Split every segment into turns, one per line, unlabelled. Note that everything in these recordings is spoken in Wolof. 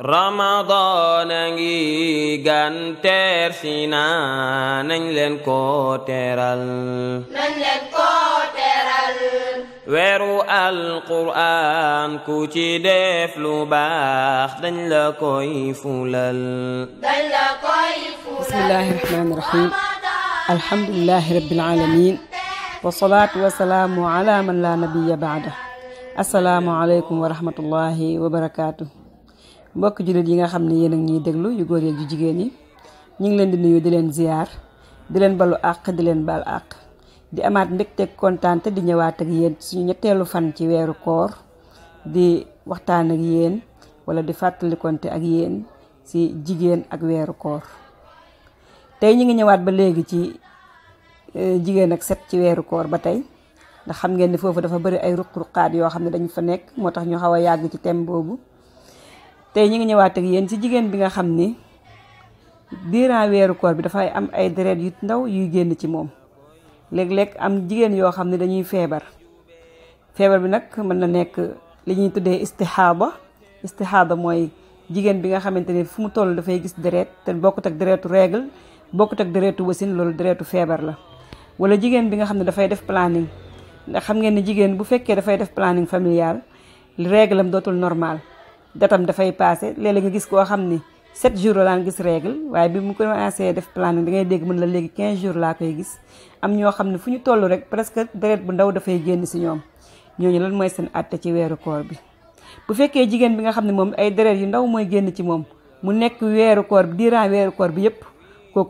رمضان غي غان تير سينا نين لين كو تيرال نين لين كو تيرال ويرو القران كو تي ديف لو باخ دنج لا كوي فولال دنج لا بسم الله الرحمن الرحيم الحمد لله رب العالمين والصلاة والسلام على من لا نبي بعده السلام عليكم ورحمة الله وبركاته mbokk jullit yi nga xam ne yéen ak ñuy déglu yu góor yeeg yu jigéen ñi ñu ngi leen di nuyu di leen ziar di leen balu àq di leen bal àq di amaat mbégteeg kontaan te di ñëwaat ak yéen suñu ñetteelu fan ci weeru koor di waxtaan ak yéen wala di fàttalikonte ak yéen si jigéen ak weeru koor tey ñu ngi ñëwaat ba léegi ci eh, jigéen ak set ci weeru koor ba tey ndax xam ngeen ni foofu dafa bari ay ruq-ruqaat yoo xam ne dañu fa nekk moo tax ñu xaw a yàgg ci thème boobu tey ñu ngi ñëwaat ak yéen ci jigéen bi nga xam ni diiran weeru koor bi dafay am ay deret yu ndaw yuy génn ci moom léeg-léeg am jigéen yoo xam ne dañuy feebar feebar bi nag mën na nekk li ñuy tuddee istihaba istihaba mooy jigéen bi nga xamante ne fu mu toll dafay gis deret te bokkut ak deretu règle bokkut ak deretu loolu deretu feebar la wala jigéen bi nga xam ne dafay def planning ndax xam ngeen ne jigéen bu fekkee dafay def planning familial règle dootul normal datam da fay passer lélé nga gis ko xamni 7 jours laan gis règle waye bi mu ko commencé def plan da ngay dégg mën la légui 15 jours la koy gis am ño xamni fuñu tollu rek presque dérèt bu ndaw fay génn si ñoom ñooñu lan moy seen atté ci wéru koor bi bu féké jigen bi nga xamni mom ay dérèt yu ndaw moy génn ci mom mu nekk wéru koor bi dira wéru koor bi yépp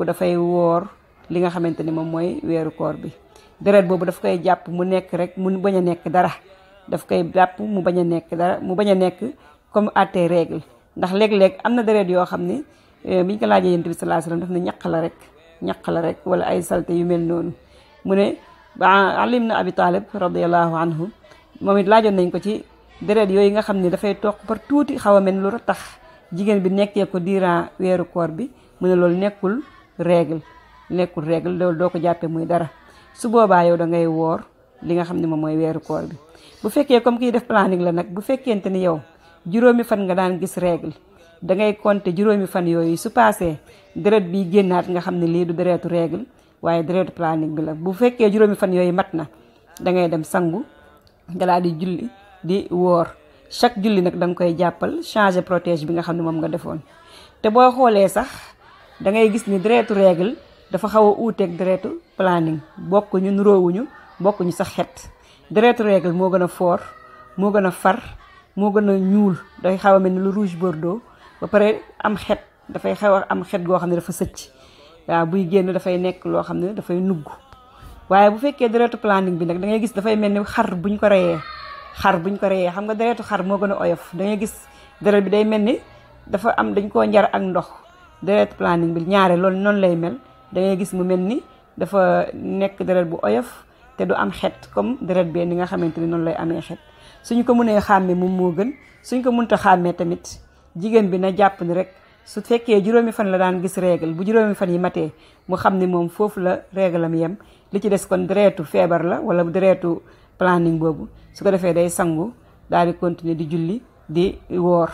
da fay wor li nga xamanteni mom moy wéru koor bi dérèt bobu daf koy japp mu nekk rek mu baña nekk dara daf koy jàpp mu baña nekk dara mu baña nekk comme àttee règle ndax léeg-léeg am na deret yoo xam ne euh, biñ ko laajee yonent bi sallallahu alayhi wasallam daf ne ñaq la rek ñaq la rek wala ay salte yu mel noonu mu ne Ali ibn Abi Talib radiyallahu anhu moom it laajoon nañ ko ci deret yooyu nga xam ni dafay toog par tuuti xaw a mel lu tax jigéen bi nekkee ko durant weeru koor bi mu ne loolu nekkul règle nekkul règle loolu doo ko jàppee muy dara su boobaa yow da ngay woor li nga xam ni moom mooy weeru koor bi bu fekkee comme kiy def planning la nag bu fekkente ni yow juróomi fan nga daan gis règle dangay compter juróomi fan yooyu su paasee deret bi génnaat nga xam ne lii du deretu règle waaye deretu planning bi la bu fekkee juróomi fan yooyu mat na dangay dem sangu nga daal di julli di woor chaque julli nag da nga koy jàppal changer protège bi nga xam ne moom nga defoon te boo xoolee sax da ngay gis ni deretu règle dafa xaw a uuteeg deretu planning bokkuñu nuroowuñu bokkuñu sax xet deretu règle moo gën a foor moo gën a far mo gëna ñuul day xawa melni lu rouge bordeaux ba paré am xet da fay a am xet go xamni ne dafa sëcc waaw buy da fay nekk lo xamni da fay nugg waye bu fekke deretu planning bi nak da ngay gis da fay melni xar buñ ko reyee xar buñ ko reyee xam nga deretu xar mo gëna oyof da ngay gis deret bi day melni ni dafa am dañ ko njar ak ndox deret planning bi ñaare lool non lay mel da ngay gis mu melni ni dafa nekk deret bu oyof te du am xet comme deret bee ni nga xamanteni non lay amé xet suñ ko mënee xàmmee moom moo gën suñ ko mënta xàmmee tamit jigéen bi na jàpp ni rek su fekkee juróomi fan la daan gis règle bu juróomi fan yi matee mu xam ni moom foofu la règle mu yem li ci des kon deretu feebar la wala deretu planning boobu su ko defee day sangu daal di continuer di julli di woor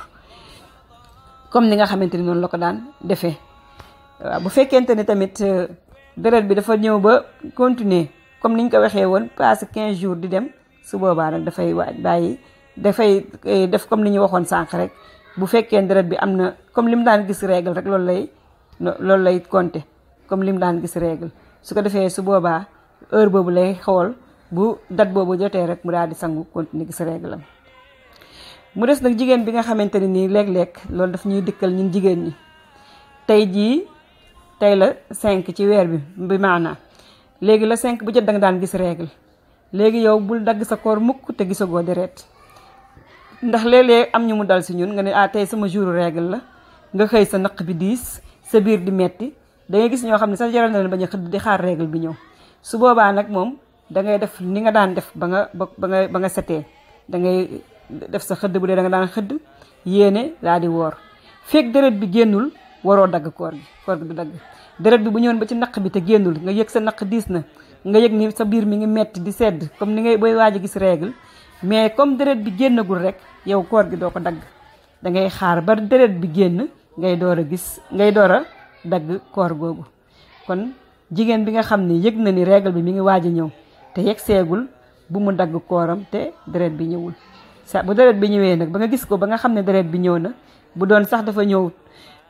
comme ni nga xamante ni noonu la ko daan defee bu fekkente ni tamit euh, deret bi dafa ñëw ba continuer comme niñ ko waxee woon passé 15 jours di dem su boba nak da fay baye da fay eh, def comme niñu ñu sank rek bu fekke deret bi amna comme lim daan gis règle rek loolu lay loolu lay konté comme lim daan gis règle su ko defé su boba heure bobu lay xol bu dat bobu joté rek mu daal di sangu continuer gis règle mu dess nak jigen bi nga xamanteni ni nii léeg-léeg daf ñuy dikkal ñun jigen ni tay ji tay la 5 ci weer bi bi maanaa légui la 5 bu jëd da nga daan gis règle legi yow bul dag sa koor mukk te gisagoo deret ndax lele am ñu mu dal ci ñun nga ne a ah, tay sama jour règle la nga xey sa naq bi diis sa bir di metti da ngay gis ño xamni sa jaral na leen bañ di xaar règle bi ñew su boba nak mom da ngay def ni nga daan def ba nga ba nga ba nga sété da ngay def sa xëd bu dee da nga daan xëd yene daa di wor fek deret bi gennul waro dag koor gi koor bi du deret bi bu ñewon ba ci naq bi te gennul nga yek sa naq diis na nga yëg ni sa biir mi ngi metti di sedd comme ni ngay boy waji gis règle mais comme deret bi gennagul rek yow koor gi doko dag da ngay xaar ba deret bi genn ngay doora gis ngay doora dag koor gogu kon jigen bi nga xamni ni yëg na ni règle bi mi ngi waji ñew te yegg ségul bu mu dag kooram te deret bi ñewul sa bu deret bi ñewé nak ba nga gis ko ba nga xamni ne bi ñew na bu doon sax dafa ñew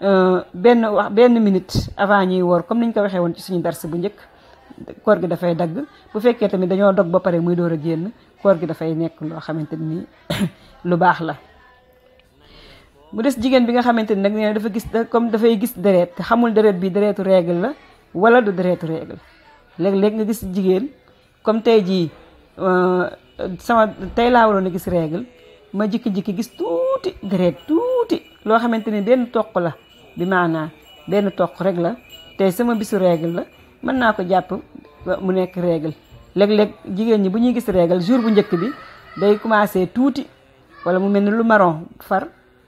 euh ben wax ben minute avant ñuy wor comme niñ ko waxé won ci suñu dars bu ñëk koor gi dafay dagg bu fekkee tamit dañoo dog ba pare muy door a génn koor gi dafay nekk loo xamante ni lu baax la mu des jigéen bi nga xamante ni nag nee dafa gis comme dafay gis deret te xamul deret bi deretu règle la wala du deretu règle léeg-léeg nga gis jigéen comme tey jii euh, sama tey laa waroon a gis règle ma jikki-jikki gis tuuti deret tuuti loo xamante ni benn toq la bi maanaa benn toq rek la tey sama bisu règle la mën naa ko jàpp mu nekk règle léeg-léeg jigéen ñi bu ñuy gis règle jour bu njëkk bi day commencé tuuti wala mu mel ni lu marron far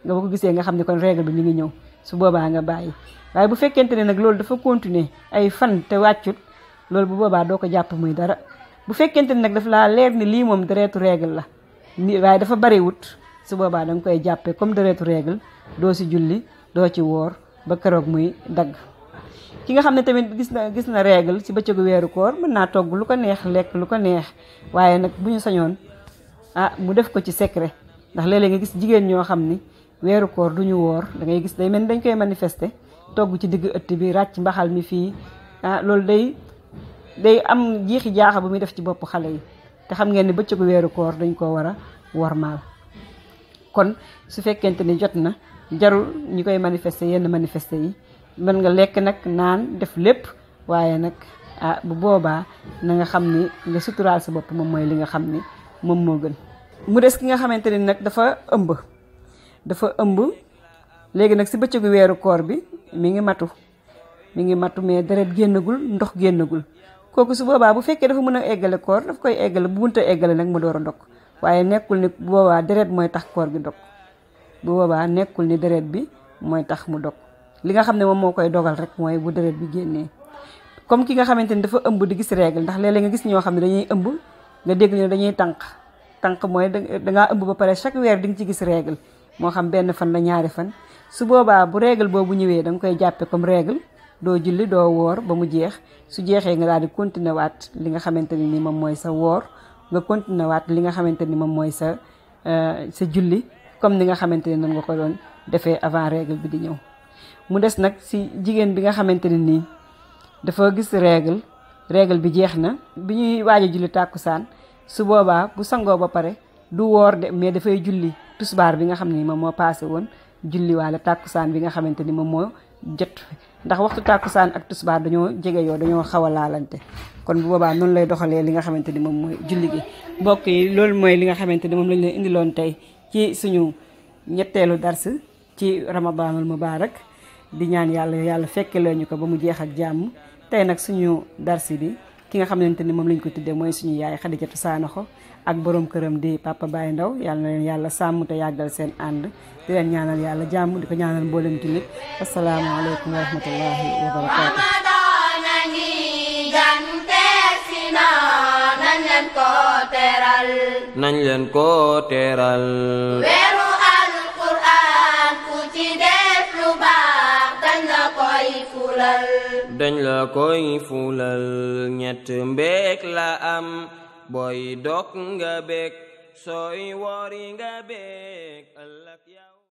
nga ba ko gisee nga xam ne kon règle bi mi ngi ñëw su boobaa nga bàyyi waaye bu fekkente ne nag loolu dafa continuer ay fan te wàccut loolu bu boobaa doo ko jàpp muy dara bu fekkente ni nag daf laa leer ni lii moom deretu règle la ni waaye dafa bariwut su boobaa da nga koy jàppee comme deretu règle doo si julli doo ci woor ba keroog muy dagg ki nga xamne gisna tamit gis na gis na règle ci beccu weeru koor mën na togg lu ko neex lek lu ko neex waye nak buñu sañoon ah mu def ko ci secret ndax lélé nga gis jigéen ño xamni ni koor duñu wor da ngay gis day mel dañ koy manifester togg ci digg ëtt bi mbaxal mi fi ah lool day day am jiixi jaaxa bu mi def ci bop xalé yi te xam ngeen ne beccu weeru koor dañ ko war a kon su fekkente ni jotna jarul ñi koy manifester yenn manifester yi mën nga lekk nag naan def lépp waaye nag ah bu boobaa na nga xam ni nga suturaal sa bopp moom mooy li nga xam ni moom moo gën. mu des ki nga xamante ni nag dafa ëmb dafa ëmb léegi nag si bëccëgu weeru coor bi mi ngi matu mu ngi matu mais deret génnagul ndox génnagul kooku su boobaa bu fekkee dafa mën a eggale koor daf koy eggale bu mënta eggale nag ma door a dog waaye nekkul ni boobaa deret mooy tax koor gi ndokk bu boobaa nekkul ni deret bi mooy tax mu ndokk. li nga xamne mom moom dogal rek moy bu deret bi genné comme ki nga xamanteni dafa ëmb di gis règle ndax lélé nga gis ño xam dañuy ëmb nga dégg ñu dañuy tank moy da nga ëmb ba paré chaque weer di ci gis règle mo xam ben fan la ñaari fan su boba bu règle bobu ñëwé da nga koy jappé comme règle do julli do wor ba mu jeex su jeexee nga daal di continuer waat li nga xamanteni ni mom moy sa wor nga continuer waat li nga xamanteni ni moy sa sa euh, sa julli comme ni nga xamanteni ni nan nga ko doon defee avant règle bi di ñëw mu des nag si jigéen bi nga xamante ne nii dafa gis règle règle bi jeex na bi ñuy waaj a julli tàkkusaan su boobaa bu sangoo ba pare du woor de mais dafay julli tusbaar bi nga xam ni moom moo paase woon julli waale tàkkusaan bi nga xamante ni moom moo jot ndax waxtu tàkkusaan ak tusbaar dañoo jege yoo dañoo xaw a laalante kon bu boobaa noonu lay doxalee li nga xamante ni moom mooy julli gi mbokk yi loolu mooy li nga xamante ni moom lañ leen indiloon tey ci suñu ñetteelu dars ci ramadanul mubarak di ñaan yalla yalla fekke lañu ko ba mu jeex ak jamm tay nak suñu darsi bi ki nga xamanteni mom lañ ko tuddé moy suñu yaay xadijatu saanaxo ak borom kërëm di papa baye ndaw yalla na leen yalla sammu te yagal seen and di leen ñaanal yàlla jàmm di ko ñaanal mboolem assalamu alaykum wa rahmatullahi wa barakatu nañ leen ko teral nañ leen ko teral coi la koy nhà ñett mbéeg la am booy dog nga béeg sooy wori nga béeg ëllëg